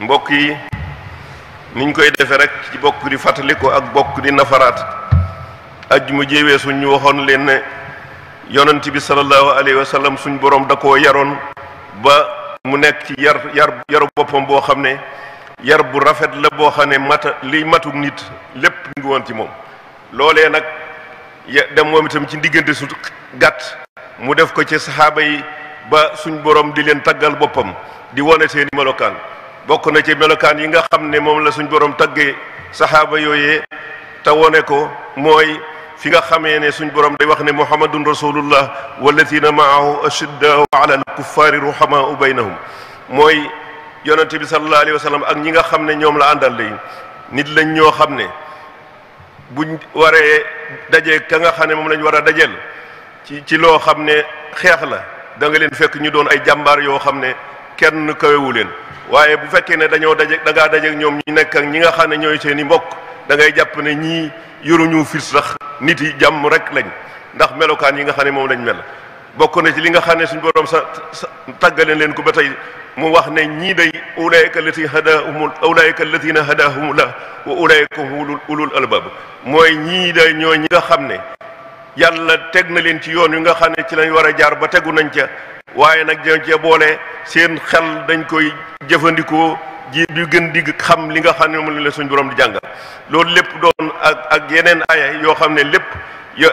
mbokk yi niñ koy defee rek ci bokk di fàttaliku ak bokk di nafaraat ajjuma ji weesu ñu waxoon leen ne yonent bi sallallahu alayhi wa sallam suñ borom da koo yaroon ba mu nekk ci yar yaru boppam boo xam ne yar bu rafet la boo xam ne mata liy matuk nit lépp ngi woon ci moom loolee nag dem moom itam ci diggante su gàtt mu def ko ci saxaaba yi ba suñ boroom di leen taggal boppam di wane seeni melokaan bokk na ci melokaan yi nga xam ne moom la suñ borom taggee saxaaba yooyee te wone ko mooy fi nga xamee ne suñ borom day wax ne muhammadun rasulullah walladina maahu ashiddaau ala alkuffaari ruhamaau baynahum mooy yonente bi sallallahu alayhi wa sallam ak ñi nga xam ne ñoom la àndal day nit lañ ñoo xam ne buñ waree daje ka nga xam ne moom lañ war a dajeel ci ci loo xam ne xeex la danga leen fekk ñu doon ay jàmbaar yoo xam ne kenn kawewu leen waaye bu fekkee ne dañoo daje da ngaa daje ak ñoom ñi nekk ak ñi nga xam ne ñooy seen i mbokk da jàpp ne ñii yoruñu fir sax nit yi jàmm rek lañ ndax melokaan yi nga xam ne moom lañ mel bokk na ci li nga xam ne suñu borom sa tàggaleen leen ko ba tey mu wax ne ñii day ulaayka allati hadahum ulaayka allatina hadahumullah wa ulaayka hum ulul albab mooy ñii day ñoo ñi nga xam ne yàlla teg na leen ci yoon wi nga xam ne ci lañ war a jaar ba tegu nañ ca waaye nag dañ cee boole seen xel dañ koy jëfandikoo ji du gën di xam li nga xam ne moom la suñ borom di jàngal loolu lépp doon ak ak yeneen aaya yoo xam ne lépp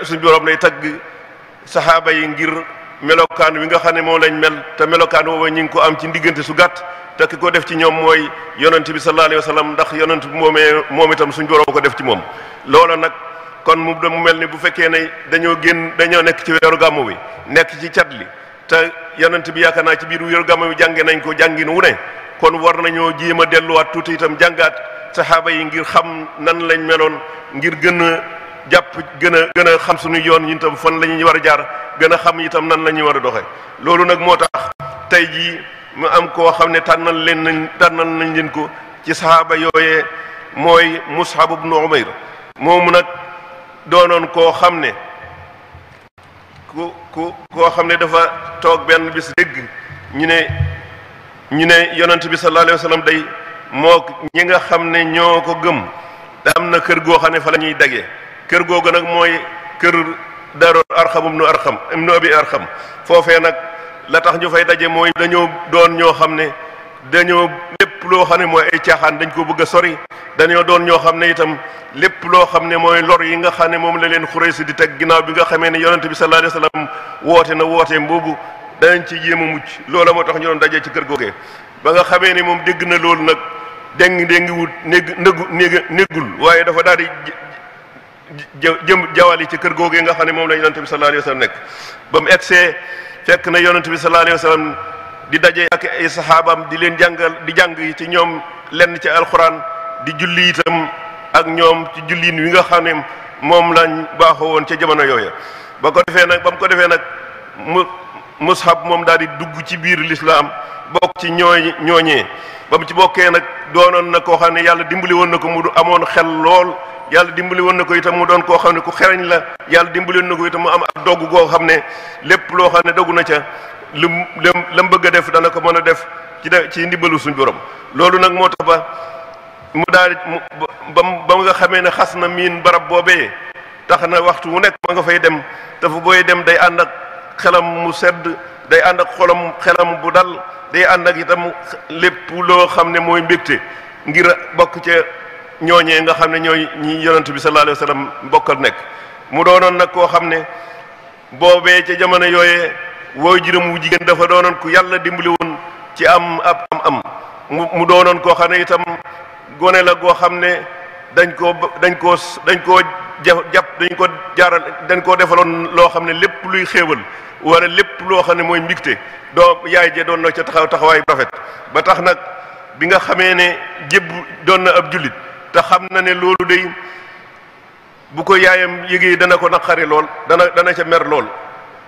suñ borom lay tagg saxaaba yi ngir melokaan wi nga xam ne moom lañ mel te melokaan boobu ñu ngi ko am ci ndiggante su gàtt te ki ko def ci ñoom mooy yonent bi sallallahu alayhi wa sallam ndax yonent bi moomee moom itam suñ borom ko def ci moom loola nag kon mu mel ni bu fekkee ne dañoo génn dañoo nekk ci weeru gàmmu bi nekk ci cat li te yonent bi yaakaar naa ci biir gama gàmmu jànge nañ ko jàngin wu ne kon war nañoo jéem a delluwaat tuuti itam jàngaat saxaaba yi ngir xam nan lañ meloon ngir gën jàpp gën a xam suñu yoon ñun fon fan la war a jaar gën xam itam nan la ñuy war a doxe loolu nag moo tax tey jii mu am koo xam ne tànnal leen nañ tànnal nañ leen ko ci saxaaba yooyee mooy Mus'ab ibn Umayr moomu nag doonoon koo xam ne ku ko koo xam ne dafa toog benn bis dégg ñu ne ñu ne yonant bi sallallahu alayhi wa sallam day moo ñi nga xam ne ñoo ko gëm te am na kër goo xam ne fa la ñuy dagee kër googu nag mooy kër daaru arxam ibnu arxam ibnu abi arxam foofee nag la tax ñu fay daje mooy dañoo doon ñoo xam ne dañoo lépp loo xam ne mooy ay caaxaan dañ ko bëgg a sori dañoo doon ñoo xam ne itam lépp loo xam ne mooy lor yi nga xam ne moom la leen Xuraysi di teg ginnaaw bi nga xamee ne yonent bi sallallahu alayhi wasallam woote na wooteem boobu danañ ci jéem a mucc loola moo tax ñu dajee ci kër googee ba nga xamee ne moom dégg na loolu nag déng déngi wut nég nëgu néeg néggul waaye dafa daal di jëm jawal yi ci kër googee nga xam ne moom la yonent bi sallallahu alayhi wasallam nekk ba mu egsee fekk na yonent bi sallallahu alayhi wasallam di daje ak ay saxaabaam di leen jàngal di jàng ci ñoom lenn ci alxuraan di julli itam ak ñoom ci julliin wi nga xam ne moom lañ baaxoo woon ca jamono yooya. ba ko defee nag ba mu ko defee nag mu mushab moom daal di dugg ci biir lislaam bokk ci ñooy ñooñee ba mu ci bokkee nag doonoon na koo xam ne yàlla dimbali woon na ko mu amoon xel lool yàlla dimbali woon na ko itam mu doon koo xam ne ku xereñ la yàlla dimbali woon na ko itam mu am ak dogg goo xam ne lépp loo xam ne dogg na ca lu la mu bëgg a def dana ko mën a def ci ci ndimbalu suñ borom loolu nag moo tax ba mu daal ba mu nga xamee ne xas na miin barab boobee tax na waxtu wu nekk ma fay dem te fu dem day ànd ak xelam mu sedd day ànd ak xolam xelam bu dal day ànd ak itam lépp loo xam ne mooy mbégte ngir bokk ca ñooñee nga xam ne ñooy ñu yonent bi sallallahu alayhi wa nekk mu doonoon nag koo xam ne boobee ca jamono yooyee waajuram wu jigéen dafa doonoon ku yàlla dimbali woon ci am ab am am mu doonoon koo xam ne itam gone la goo xam ne dañ koo dañ koo dañ koo jàpp dañ ko jaaral dañ koo defaloon loo xam ne lépp luy xéewal wala lépp loo xam ne mooy mbigte doo yaay jee doon na ca taxaw taxawaay rafet ba tax nag bi nga xamee ne jébb doon na ab jullit te xam na ne loolu day bu ko yaayam yëgee dana ko naqari lool dana dana ca mer lool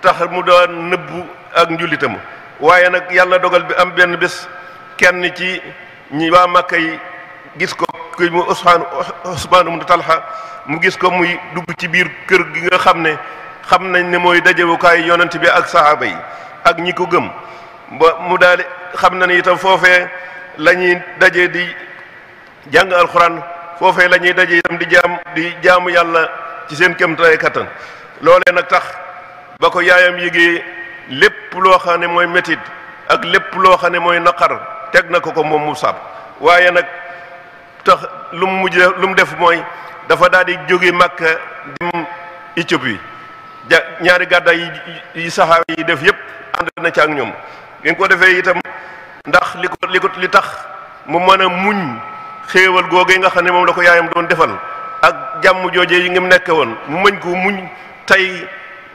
tax mu doon nëbbu ak njullitam waaye nag yàlla dogal bi am benn bés kenn ci ñi waa Makka yi gis ko ku mu Usmaan Usmaan mu gis ko muy dugg ci biir kër gi nga xam ne xam nañ ni mooy dajewukaay yonent bi ak saxaaba yi ak ñi ko gëm mu daal xam na ne itam foofee lañuy daje di jàng alxuraan foofee la ñuy daje itam di jaam di jaamu yàlla ci seen kéemtalaay kattan loolee nag tax. ba ko yaayam yëgee lépp loo xam ne mooy métit ak lépp loo xam ne mooy naqar teg na ko ko moom Musab waaye nag tax lu mu mujj lu mu def mooy dafa daal di jóge Makka dem Éthiopie ja ñaari gàddaay yi saxaaba yi def yépp ànd na ci ak ñoom bi ko defee itam ndax li ko li ko li tax mu mën a muñ xéewal googu nga xam ne moom la ko yaayam doon defal ak jàmm jooje yi ngi mu nekk woon mu mën ko muñ tey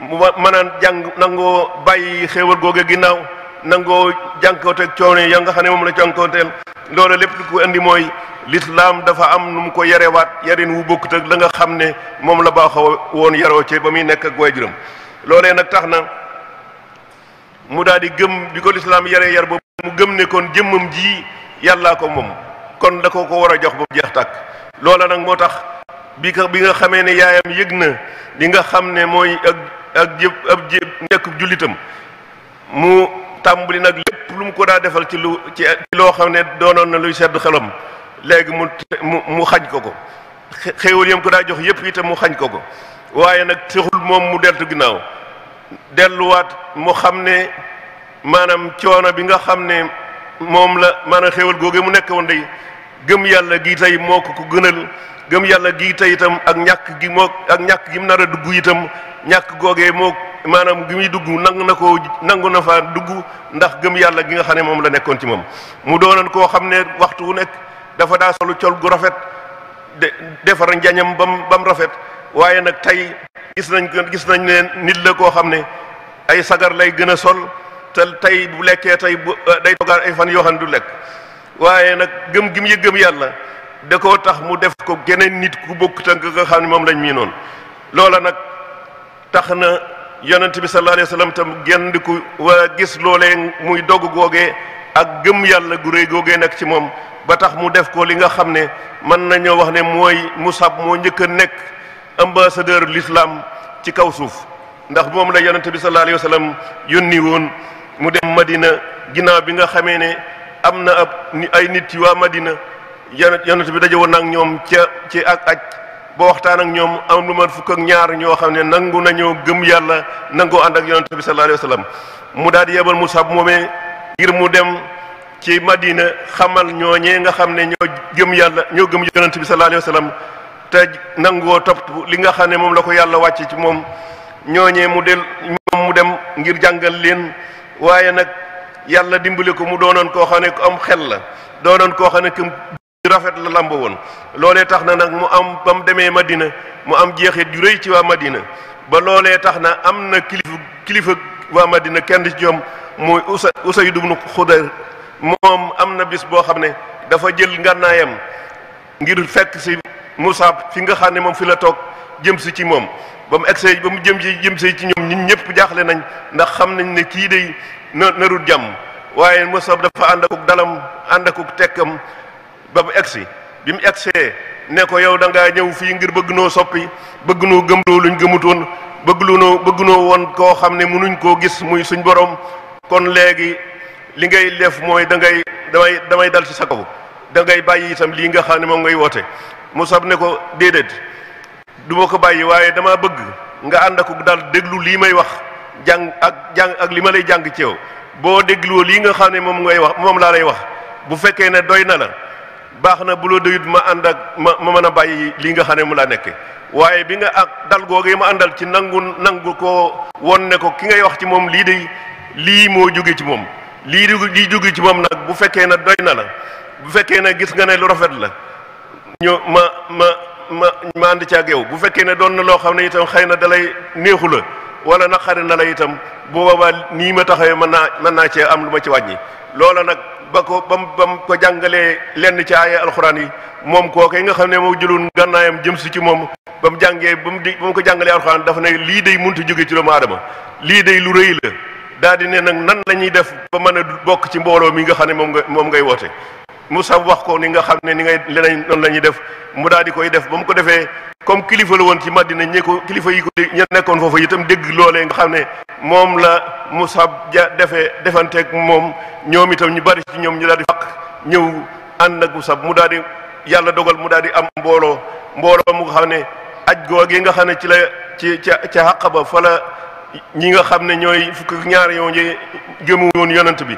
mën a jàng nangoo bàyyi xéewal a ginnaaw nangoo jànkoonteeg coono ya nga xam ne moom la jànkoonteel loolu lépp lu ko indi mooy lislaam dafa am nu mu ko yarewaat yarin wu bokkut ak la nga xam ne moom la baaxoo woon yaroo ci ba muy nekk ak waajuram loolee nag tax na mu daal di gëm bi ko lislaam yaree yar ba mu gëm ne kon jëmmam ji yàllaa ko moom kon da ko war a jox ba mu jeex moo tax bi ko bi nga xamee ne yaayam yëg na li nga xam ne mooy ak ak jépp ab jëf nekk jullitam mu tàmbuli nag lépp lu mu ko daa defal ci lu ci loo xam ne doonoon na luy sedd xelam léegi mu mu mu xañ ko ko xéewal yam ko daa jox yépp itam mu xañ ko ko waaye nag texul moom mu deltu ginnaaw delluwaat mu xam ne maanaam coono bi nga xam ne moom la maanaam xéewal googe mu nekk woon day yàlla gi tey moo ko ko gënal gëm yàlla gi tey itam ak ñàkk gi moog ak ñàkk gi mu nar a dugg itam ñàkk googee moog maanaam gi muy dugg nang na ko nangu na faa dugg ndax gëm yàlla gi nga xam ne moom la nekkoon ci moom mu doonoon koo xam ne waxtu wu nekk dafa daa solu col gu rafet de defar njañam bam bam rafet waaye nag tey gis nañ gis nañ ne nit la koo xam ne ay sagar lay gën a sol te tey bu lekkee tey bu day toogaan ay fan yoo xam ne du lekk waaye nag gëm gi yëg gëm yàlla da koo tax mu def ko geneen nit ku bokkut ak nga xam ne moom lañ noonu loola nag tax na yonent bi sallallahu alayhi wa sallam tam genn di ku waa gis loolee muy dogg googee ak gëm yàlla gu réy googee nekk ci moom ba tax mu def ko li nga xam ne mën nañoo wax ne mooy Musab moo njëkk a nekk ambassadeur l'islam ci kaw suuf ndax moom la yonent bi sallallahu alayhi wa sallam yónni woon mu dem Madina ginnaaw bi nga xamee ne am na ab ay nit ci waa Madina yonent yonent bi daje woon nag ñoom ca ci ak aj ba waxtaan ak ñoom am lu mat fukk ak ñaar ñoo xam ne nangu nañoo gëm yàlla nangoo ànd ak yonent bi sallallahu alayhi wa sallam mu daal di yebal Musab moomee ngir mu dem ci Madina xamal ñooñee nga xam ne ñoo gëm yàlla ñoo gëm yonent bi sallallahu alayhi wa sallam te nangoo topp li nga xam ne moom la ko yàlla wàcce ci moom ñooñee mu del mu dem ngir jàngal leen waaye nag yàlla dimbali ko mu doonoon koo xam ne ku am xel la doonoon koo xam rafet la lamb woon loolee tax na nag mu am ba mu demee Madina mu am jeexit ju rëy ci waa Madina ba loolee tax na am na kilifa kilifa waa Madina kenn ci ñoom muy usa Usayd ibn Xudayr moom am na bis boo xam ne dafa jël ngànnaayam ngir fekk si Musab fi nga xam ne moom fi la toog jëm si ci moom ba mu egsee ba mu jëm si jëm si ci ñoom ñun ñëpp jaaxle nañ ndax xam nañ ne kii day na narul jàmm waaye Musab dafa ànd akuk dalam ànd akuk tekkam ba mu egsi bi mu egsee ne ko yow da ñëw fii ngir bëgg noo soppi bëgg noo luñ gëmutoon bëgg noo bëgg noo woon koo xam ne mënuñ koo gis muy suñ borom kon léegi li ngay def mooy da ngay damay damay dal ci sa kaw da ngay bàyyi itam lii nga xam ne moom ngay woote mu sab ne ko déedéet du ma ko bàyyi waaye dama bëgg nga ànd ak daal déglu lii may wax jàng ak jàng ak li ma lay jàng ci yow boo dégluwoo lii nga xam ne moom ngay wax moom laa lay wax bu fekkee ne doy na la baax na bu la doyut ma ànd ak ma ma mën a bàyyi lii nga xam ne mu laa nekk waaye bi nga ak dal googee ma àndal ci nangu nangu ko won ne ko ki ngay wax ci moom lii de lii moo jóge ci moom lii lii jóge ci moom nag bu fekkee ne doy na la bu fekkee ne gis nga ne lu rafet la ñu ma ci ak yow bu fekkee ne doon na loo xam ne itam xëy na dalay neexu la wala naqari na la itam bu boobaa nii ma taxawee mën naa mën naa cee am lu ma ci wàññi loola nag ba ko ba mu ba mu ko jàngalee lenn ci aaya alxuraan yi moom kooku nga xam ne moo jëloon gànnaayam jëm si ci moom ba mu jàngee ba mu di ba mu ko jàngalee alxuraan dafa ne lii day mënut a jóge ci doomu aadama lii day lu rëy la daal di ne nag nan la ñuy def ba mën a bokk ci mbooloo mi nga xam ne moom nga moom ngay woote. mu Moussa wax ko ni nga xam ne ni ngay leneen noonu la ñuy def mu daal di koy def ba mu ko defee comme kilifa la woon ci Madina ñi ko kilifa yi ko ña nekkoon foofu itam dégg loolee nga xam ne moom la Moussa ja defee defanteeg moom ñoom itam ñu bari ci ñoom ñu daal di fàq ñëw ànd ak Moussa mu daal di yàlla dogal mu daal di am mbooloo mbooloo mu nga xam ne aj googu nga xam ne ci la ci ca ca xàq ba fa la nga xam ne ñooy fukk ñaar yoo ñi gëmu woon yonent bi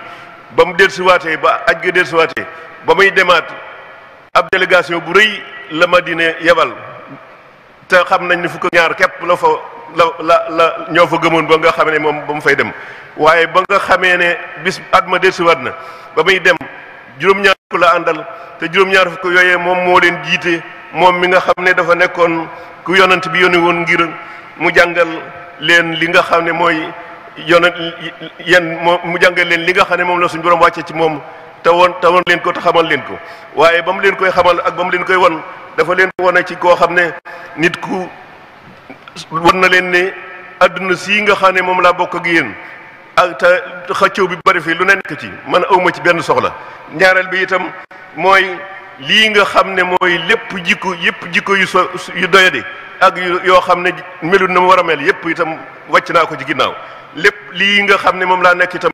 ba mu dellusiwaatee ba aj ga dellusiwaatee ba muy demaat ab délégation bu rëy la Madina yebal te xam nañ ne fukk ñaar képp la fa la la ñoo fa gëmoon ba nga xam ne moom ba mu fay dem waaye ba nga xamee ne bis at ma dellusiwaat na ba muy dem juróom-ñaar fukk la àndal te juróom fukk yooyee moom moo leen jiite moom mi nga xam ne dafa nekkoon ku yonant bi yónni woon ngir mu jàngal leen li nga xam ne mooy yonent yenn mu jàngal leen li nga xam ne moom la suñ borom wàccee ci moom te woon te woon leen ko te xamal leen ko waaye ba mu leen koy xamal ak ba mu leen koy won dafa leen ko wane ci koo xam ne nit ku won na leen ne àdduna sii nga xam ne moom laa bokk ak yéen ak te xëccoo bi bari fii lu ne nekk ci man awma ci benn soxla ñaareel bi itam mooy lii nga xam ne mooy lépp jikko yépp jikko yu so yu doyadi ak yu yoo xam ne melut na mu war a mel yépp itam wàcc naa ko ci ginnaaw lépp lii nga xam ne moom laa nekk itam